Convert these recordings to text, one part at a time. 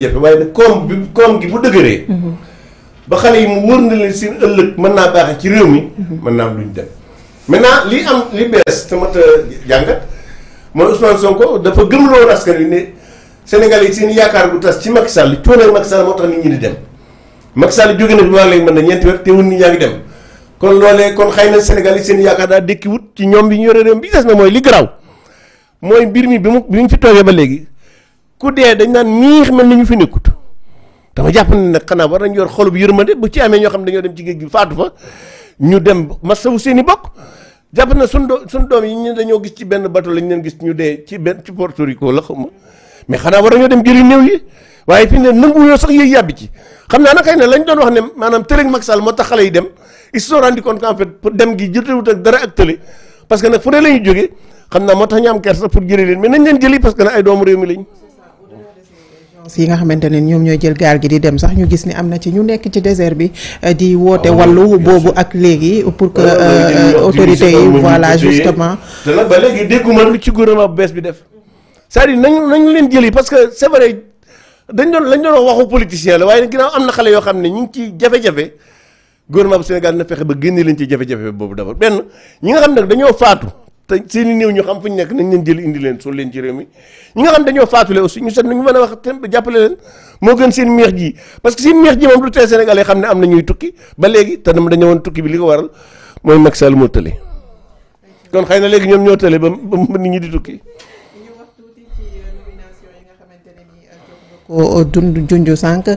jafe waaye nag koom bi koom gi bu dëgëree mhm. ba xale yi mu wër na leen seen ëllëg mën naa baaxee ci réew mi mhm. mën naa am lu ñu dem maintenant li am li bees te mat a jàngat mooy Ousmane Sonko dafa gëmloo askan wi ne Sénégal yi seen yaakaar bu tas ci Macky Sall li cooneeg Macky Sall moo tax nit ñi di dem Macky Sall jóge na bi maa ngi mën na ñeenti weer te wun nit ñaa ngi dem kon loolee kon xëy na Sénégal yi seen yaakaar daa dékki ci ñoom bi ñu yore réew bi des na mooy li garaaw mooy mbir mi bi mu bi mu fi toogee ba léegi ku dee dañ naan miix mel ni ñu fi nekkut dama jàpp ne nag xanaa war nañ yor xolub yërmande bu ci amee ñoo xam ne dañoo dem ci géej gi faatu fa ñu dem masawu seen i bokk jàpp na suñ do suñ doom yi ñu dañoo gis ci benn bato lañ leen gis ñu dee ci benn ci Porto Rico la xamuma mais xanaa war nañoo dem jëri néew yi waaye fi ne nanguwuñoo sax yëy yàbbi ci xam naa na xëy na lañ doon wax ne maanaam tëleeg Macky Sall moo tax xale yi dem ils se sont rendu compte qu'en fait pour dem gi jotewut ak dara ak tële parce que fu ne la ñu xam ay doomu réew mi lañ si yi nga xamante ne ñoom ñooy jël gaal gi di dem sax ñu gis ni am na ci ñu nekk ci désert bi euh, di woote ah, wàllu boobu ak léegi pour que euh, euh, autorité yi voilà justement te nag ba léegi dégguma lu ci gouvernement bu bi def c'est-à-dire nañu nañu leen jëli parce que c'est vrai dañ doon lañ doon waxu politicien la waaye ginnaaw am na xale yoo xam ne ñu ngi ci jafe-jafe gouvernement bu Sénégal na fexe ba génne leen ci jafe-jafe boobu dafa benn ñi nga xam ne dañoo faatu te seen i néew ñu xam fu ñu nekk nañ leen jël indi leen sol leen ci réew mi ñi nga xam dañoo faatule aussi ñu seet nañu mën a wax te jàppale leen moo gën seen meex ji parce que seen meex ji moom lu tee sénégalais xam ne am na ñuy tukki ba léegi te dama dañu woon tukki bi li ko waral mooy Macky Sall moo tële kon xëy na léegi ñoom ñoo tële ba ba nit ñi di tukki ko dund junj sànq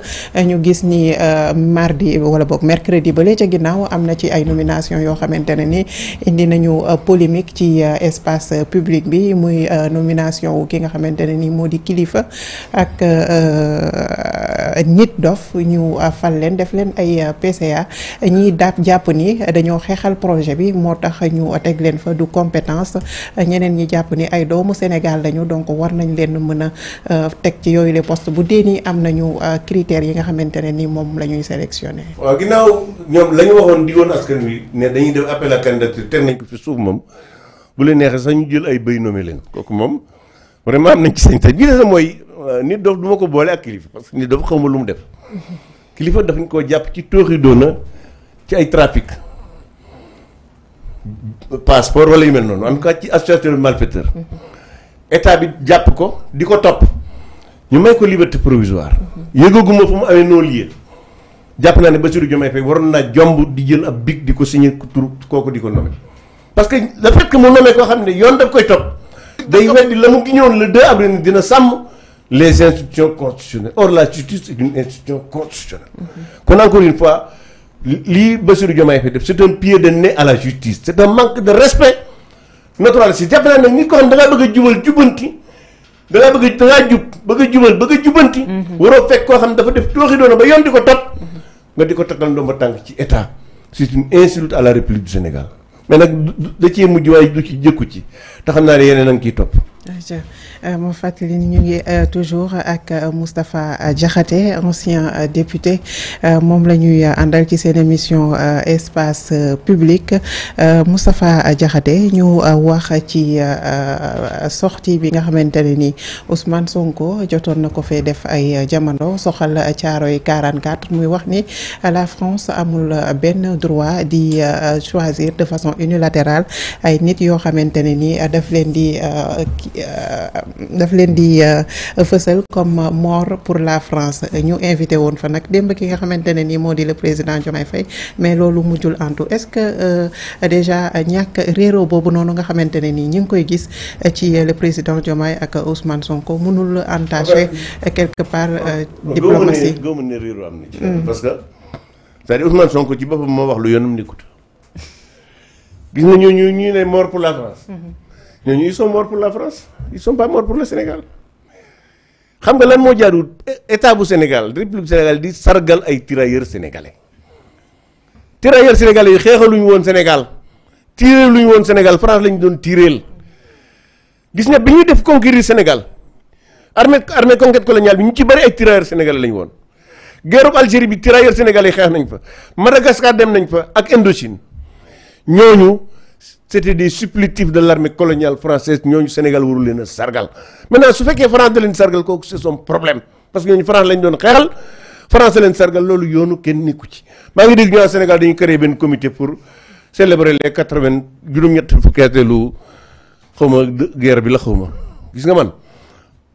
ñu gis ni euh, mardi wala boog mercredi ba ca ginnaaw am na ci ay nomination yoo xamante ne ni indi nañu euh, polémique ci euh, espace public bi muy nomination wu ki nga xamante ne ni moo di kilifa ak nit dof ñu fal leen def leen ay PCA ñiy daab jàpp ni dañoo xeexal projet bi moo tax ñu teg leen fa du compétence ñeneen ñi jàpp ni ay doomu Sénégal lañu donc war nañ leen mën a teg ci yooyu les postes bu ni am nañu euh, critères yi nga xamante ne ni moom la ñuy sélectionné. waaw ginnaaw ñoom lañu waxoon di woon askan wi ne dañuy def appel à candidature teg nañ ko fi suuf moom bu leen neexee sax ñu jël ay béy nommé leen kooku moom vraiment am nañ ci sañ bi bii la mooy euh, nit dof du ma ko boole ak kilifa parce que nit dof xamul lu mu def kilifa daf ñu koo jàpp ci tooxi doona ci ay trafic passeport wala yu mel noonu am tout cas ci association malfaiteur jàpp ko di ko ñu may ko liberté provisoire yëgaguma fu mu amee non lieu jàpp naa ne Bassirou Diomaye Faye waroon naa jomb di jël ab big di ko signé tur kooku di ko nommé parce que le fait que mu nommé koo xam ne yoon daf koy topp day weddi la mu giñoon le deux avril dina sàmm les institutions constitutionnelles or la justice est une institution constitutionnelle mhm. kon encore une fois li Bassirou Diomaye Faye def c'est un pied de nez à la justice c'est un manque de respect naturel si jàpp naa ne nit ko xam da ngaa bëgg a jubal jubanti da bëgg da ngaa jub bëgg a jubal bëgg a jubanti. Mhm. waroo fekk koo xam dafa def tooxi doona ba yoon di ko tot. Mhm. nga di ko total ndomba tànk ci état su une insulte à la République du Sénégal mais nag da cee mujj waaye du ci jëkku ci te xam naa ne yeneen a ngi ciy topp. Euh, mon fàttali ni ñu ngi euh, toujours ak euh, Mustapha Diakhaté ancien député mom lañuy andal ci seen émission espace public Mustapha Diakhaté ñu wax ci sortie bi nga xamante ni Ousmane Sonko jotoon na ko fee def ay jamando soxal Caaroy 44 muy wax ni la France amul benn droit di choisir de façon unilatérale ay nit yo xamante ni daf leen di daf leen di euh, fësal comme euh, mort pour la France ñu invité woon fa nag démb ki nga xamante ne nii moo di le président Diomaye Faye mais loolu mujjul antu est-ce que euh, déjà ñàkk réero boobu noonu nga xamante ne nii ñu ngi koy gis ci le président Diomaye ak Ousmane Sonko mënul entaché quelque part diplomatie gëmu ne réero am na hmm. parce que cest dire Ousmane Sonko ci boppam moo wax lu yoonam nekkut gis nga ñu ñu ñu ne mort pour la France hmm. ñooñu ils sont morts pour la France ils sont pas morts pour le Sénégal xam nga lan mo jaarul état bu Sénégal république Sénégal di sargal ay tirailleurs sénégalais tirailleurs sénégalais xéxaluñ won Sénégal Senegal. luñ won Sénégal France lañ doon tireel gis nga Senegal. def conquérir Sénégal armée armée conquête coloniale bi ñu ci bari ay tirailleurs sénégalais lañ won guerre Algérie bi tirailleurs sénégalais xéx nañ fa Madagascar dem nañ fa ak Indochine ñoñu c'était des supplétifs de l'armée coloniale française ñooñu Sénégal warul leen a sargal maintenant su fekkee France da leen sargal kooku c'est son problème parce que ñooñu France lañ doon xeexal France leen sargal loolu yoonu kenn nekku ci maa ngi dégg ñu Sénégal dañu créé benn comité pour célébrer les quatre-vingt juróom-ñett fukkeetelu xawma guerre bi la xawma gis nga man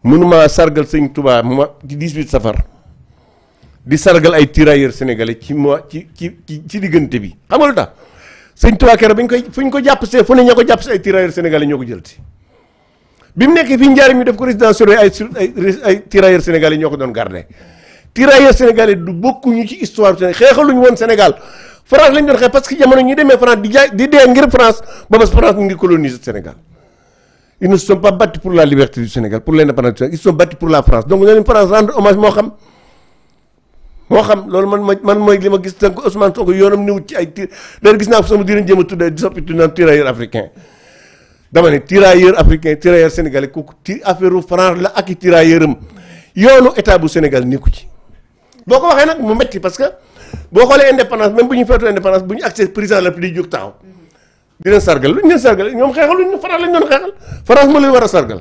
mënuma sargal sëñ Touba ma ci 18 safar di sargal ay tirailleurs sénégalais ci mois ci ci ci diggante bi xam sëñ Tuubaa keroog bi ñu koy fu ñu ko jàpp see fu ne ña ko jàpp si ay tirailleurs sénégalais ñoo ko jël si bi mu nekk fi njaari mi def ko résidence surveillée ay su ay ay tirailleurs ñoo ko doon gardé tirailleurs sénégalais du bokkuñu ci histoire bi xeexaluñu woon Sénégal France lañ doon xeex parce que ñi demee France di dee ngir France ba France mu ngi Sénégal ils ne se pas battus pour la liberté du Sénégal pour l'indépendance du mo xam lolou man man moy lima ma gis tënk Ousmane Sonko yoonam niw ci ay tir d'ailleurs gis na sama diine jema a di soppi tudd naan tirailleur africain dama ni tirailleur africain tirailleur sénégalais ku ti affaireu France la ak i tirailleur yoonu état bu Sénégal nekku ci boko ko nak mu metti parce que bo xolé indépendance même buñu fétu indépendance buñu accès président la di jóg taw di len sargal luñu leen sargal ñom xéxal luñu France lañu doon xéxal France mo leen wara sargal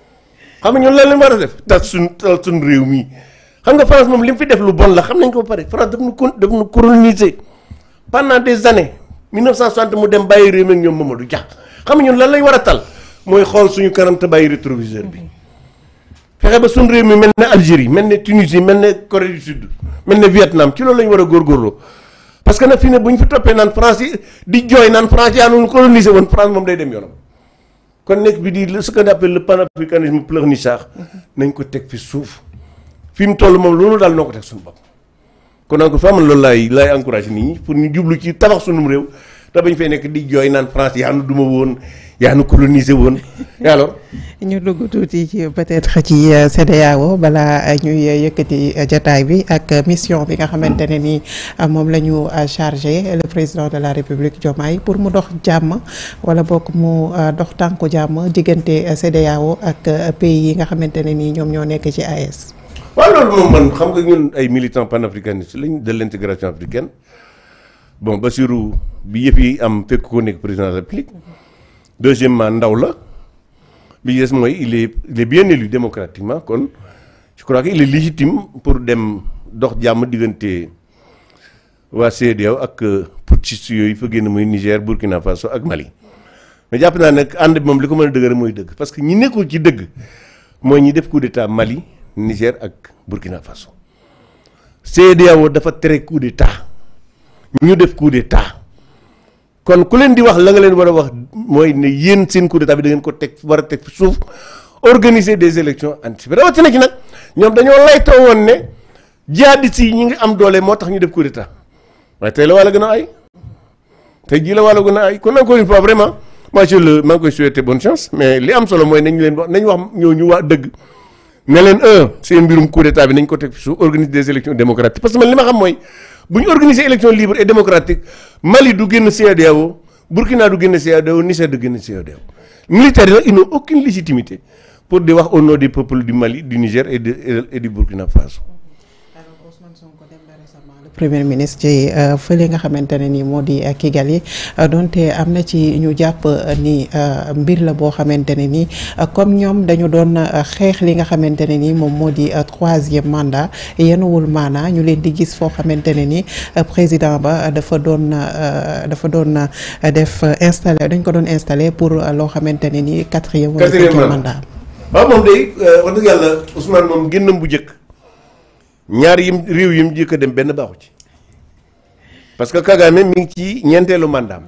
xam nga ñun lan lañ war a def tas suñ tal suñ réew mii xam nga France moom li mu fi def lu bon la xam nañ ko ba pare France daf nu con daf nu coloniser pendant des mu dem bàyyi réew mi ak ñoom Mamadou Dia xam nga ñun lan lañ war a tal mooy xool suñu kanam te bàyyi rétroviseur bi fexe ba suñ réew mi mel ne Algérie mel ne Tunisie mel ne Corée du Sud mel ne Vietnam ci loolu lañ war a góorgóorloo parce que nag fii bu ñu fi toppee naan France yi di jooy naan France yaa ah, nu moom day dem yoonam. kon nekk bi di ce qu'on appelle le panafricanisme pleurnichard nañ ko teg fi suuf fi mu toll moom loolu daal noo ko teg suñu bopp kon encore fa man loolu laay laay encouragé nit ñi pour ñu jublu ci tabax suñu réew te bañ fay nekk di jooy naan France yaa nu duma woon yaa nu colonisé woon alors. ñu dugg tuuti ci peut-être ci euh, CEDEAO balaa euh, ñuy euh, yëkkati jataay bi ak mission bi nga xamante ne ni moom la ñu chargé le président de la République yi pour mu dox jàmm wala bokk mu dox tànku jàmm diggante CEDEAO ak pays yi nga xamante ne ni ñoom ñoo nekk ci AES. waaw loolu moom man xam nga ñun ay militants panafricanistes lañ de l'intégration africaine. bon Bassirou bi yef yi am fekk ko nek président de la République deuxièmement ndaw la bi yes moy il est il est bien élu démocratiquement kon je crois qu'il est légitime pour dem dox jam diggante wa CEDEAO ak euh, putschistes yooyu fa génn muy Niger Burkina Faso ak Mali mais jàpp naa nag ànd bi moom li ko mën a dëgëral parce que ñi nekkul ci deug moy ñi def coup d'état Mali Niger ak Burkina Faso CEDEAO dafa tere coup d'état ñu def coup d'état kon ku leen di wax la nga leen war a wax mooy ne yéen seen coup d'état bi da ngeen ko teg war a teg suuf organiser des élections anticipées rawatina ci nag ñoom dañoo laytoo woon ne jihadistes yi ñi ngi am doole moo tax ñu def coup d'état waaye la wàll gën a a ay kon encore une fois vraiment moi je le maa ngi li am solo mooy nañu leen wax nañ wax ñu waa dëgg ne leen un seen mbirum coup d'état bi nañ ko démocratiques parce que man li ma xam mooy bu ñu organiser élection libre et démocratique Mali du génn CEDEAO Burkina du génn CEDEAO Niger du génn CEDEAO militaires yi nag ils n'ont légitimité pour di wax au nom des peuples du Mali du Niger et de et du Burkina Faso. premier ministre ji euh, fële nga xamante ne nii moo di euh, Kigali euh, donte am na ci ñu jàpp ni mbir la boo xamante ne nii comme ñoom dañu doon xeex li nga xamante ne nii moom moo di troisième mandat yenuwul maanaa ñu leen di gis foo xamante ne nii président ba dafa doon dafa doon def installé dañ ko doon installé pour loo xamante ne nii quatrième wala cinquième mandat waaw moom day wax dëgg yàlla moom génnam bu njëkk ñaar yim réew yim jëkk dem benn baxu ci parce que Kagame mi ci ñentelu mandam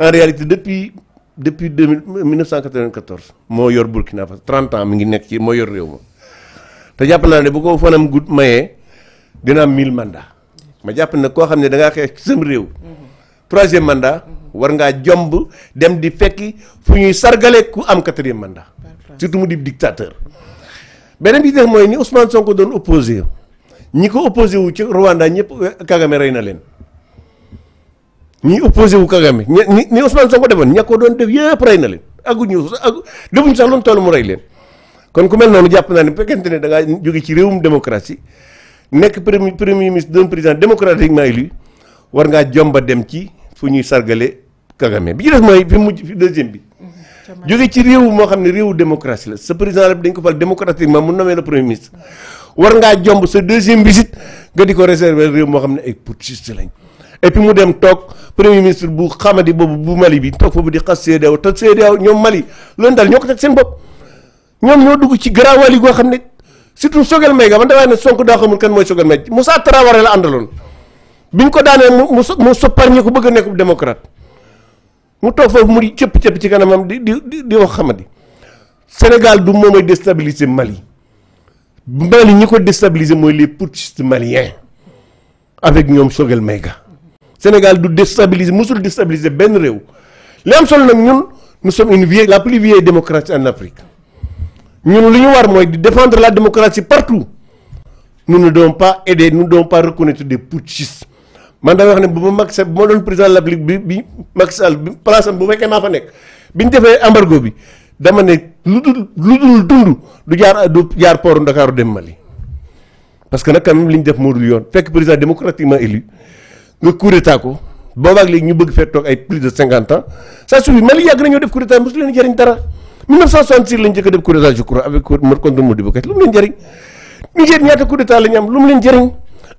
en réalité depuis depuis 1994 mo yor Burkina Faso 30 ans mi ngi nek ci mo yor réew mo te japp na ne bu ko fanam gudd mayee dina am 1000 mandat ma japp na ko xam da nga xex ci sam réew troisième mandat war nga jomb dem di fekki fu ñuy sargale ku am quatrième mandat surtout mu di dictateur beneen bi def mooy ni Ousmane ko doon opposé ñi ko opposé wu ci Rwanda ñëpp eh, Kagame rey na leen ñi opposé wu Kagame ñi ni Ousmane Sonko defoon ña ko doon def yëpp rey na leen agguñu ak defuñu sax loolu toll mu rey leen. kon ku mel noonu jàpp naa ne bu fekkent ne da jóge ci réewum démocratie nekk premier premier ministre doon président démocratiquement élu war ngaa jomba dem ci fu ñuy sargale Kagame bi ci def mooy fi mujj fi deuxième bi. jóge ci réew moo xam ne réewu démocratie la sa président la dañ ko fal démocratiquement mu nommé le premier ministre war ngaa jomb sa deuxième visite nga di ko réserver réew moo xam ne ay putschiste lañ et puis mu dem toog premier ministre bu xamadi boobu bu Mali bi toog foofu di xas CEDEAO te CEDEAO ñoom Mali loolu daal ñoo ko teg seen bopp ñoom ñoo dugg ci garaawali goo xam ne surtout Choguel Maïga man dafay ne Sonko daa xamul kan mooy Choguel Maïga Moussa Traoré la àndaloon biñ ko daanee mu mu sopparñi ko bëgg a nekk mu toog foofu mu cëpp ci kanamam di di di wax xamadi Sénégal du moom déstabiliser Mali Mali ñi ko déstabiliser mooy les putschistes maliens avec ñoom Sogel Maïga Sénégal du déstabiliser musul déstabiliser benn réew li am solo nag ñun nous sommes une vieille la plus vieille démocratie en Afrique ñun lu ñu war défendre la démocratie partout nous ne devons pas aider nous ne devons pas reconnaître des putschistes man da wax ne bu max Macky Sall doon président de la République bi bi max Sall bi place am bu fekke maa fa nek biñ defé embargo bi dama ne lu dul dundu du jaar du jaar port Ndakaaru dem Mali parce que nak kam liñ def modul dul yoon fekk président démocratiquement élu nga coup d'état ko boobaag li ñu bëgg fee tok ay plus de 50 ans ça suffit Mali yag nañu def coup d'état musul leen jëriñ dara 1966 lañ jëk def coup d'état je crois avec contre Modibo kat lu mu leen jëriñ Niger ñaata coup d'état la ñu am lu mu leen jëriñ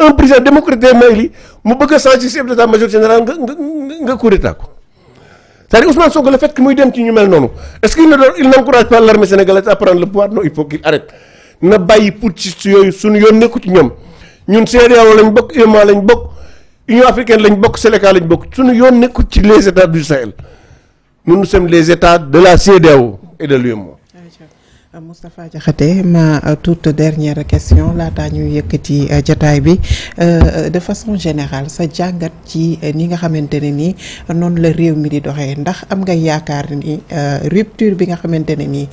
un président démocrate may li mu bëgg a changer chef d'état major général nga nga nga coup d'état ko c'est-à-dire Ousmane Sonko le fait muy dem ci ñu mel noonu est-ce qu'il ne doon il n'encourage pas l'armée sénégalaise à prendre le pouvoir il faut qu'il arrête na bàyyi putschistes yooyu suñu yoon nekku ci ñoom ñun CEDEAO lañ bokk UEMOA lañ bokk Union africaine lañ bokk Séléka lañ bokk suñu yoon nekku ci les états du Sahel nous nous sommes les états de la CEDEAO et de Moustapha Diakhaté ma euh, toute dernière question laataa ñu yëkk ci euh, jataay bi euh, de façon général sa jàngat ci ni nga xamante ne nii noonu la réew mi di doxee ndax am nga yaakaar ni rupture bi nga xamante ne nii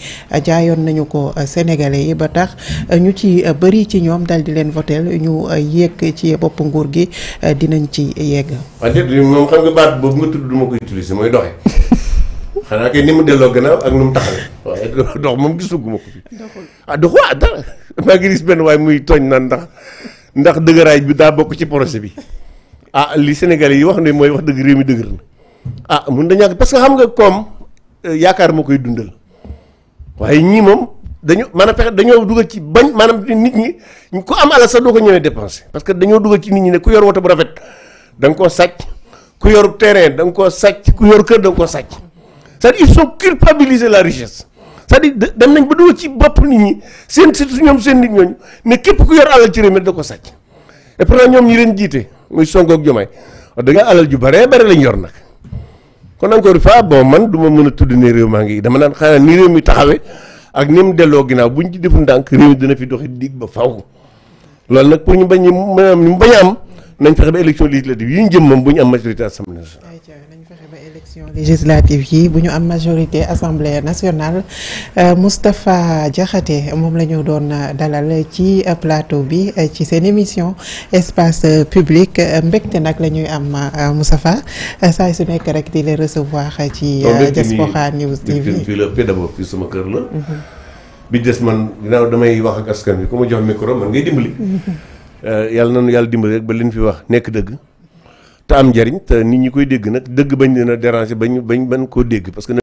jaayoon nañu ko sénégalais yi ba tax ñu ci bëri ci ñoom dal di leen votel ñu yéeg ci bopp nguur gi dinañ ci yéeg moom xam nga baat boobu nga tudd du ma ko mooy doxe xanaa kay ni mu delloo gannaaw ak nu mu taxawee waaye dox moom gisuguma ko fi ah dox waa dara maa ngi gis benn waaye muy tooñ naan ndax ndax dëgëraay bi daa bokk ci projet bi ah li sénégalais yi wax ne mooy wax dëgg réew mi dëgër na ah mun da ñàkk parce que xam nga comme eh, yaakaar moo koy dundal waaye ñii moom dañu maanaam fexe dañoo dugal ci bañ maanaam nit ñi ku am alal sax doo ko ñëwee dépenser parce que dañoo dugal ci nit ñi ne ku yor woto bu rafet da nga koo sàcc ku yor terrain da nga koo sàcc ku yor kër da nga koo sàcc c'est-à-dire ils sont culpabiliser la richesse c'est-à-dire pas. ci seen sont seen nit ñooñu képp et ñi leen muy le ak sont alal ju bare bare lañ yor encore une fois bon man dama naan ni mi ak les gens qui buñ ci defu ndank dina fi doxi dig ba sont lool pour ñu bañ ñu bañ am nañ fexé élection législative yi ñu jëm am majorité assemblée élection législative yi bu ñu am majorité assemblée nationale euh, Moustapha Diakhaté mom la ñu doon euh, dalal ci euh, plateau bi euh, ci sen émission espace public mbégte nak la ñuy am Moustapha saa su nekk rek di la recevoir ci Diaspora News TV fii le ëppee d'abord fii sama kër la mhm. bi dess man ginnaaw damay wax ak askan bi ku ma jox micro man ngay dimbali mhm. euh yalla nañu yalla dimbali rek ba liñ fi wax nek deug te am njariñ te nit ñi koy dégg nag dëgg bañ leen a déranger bañ bañ bañ koo dégg parce que.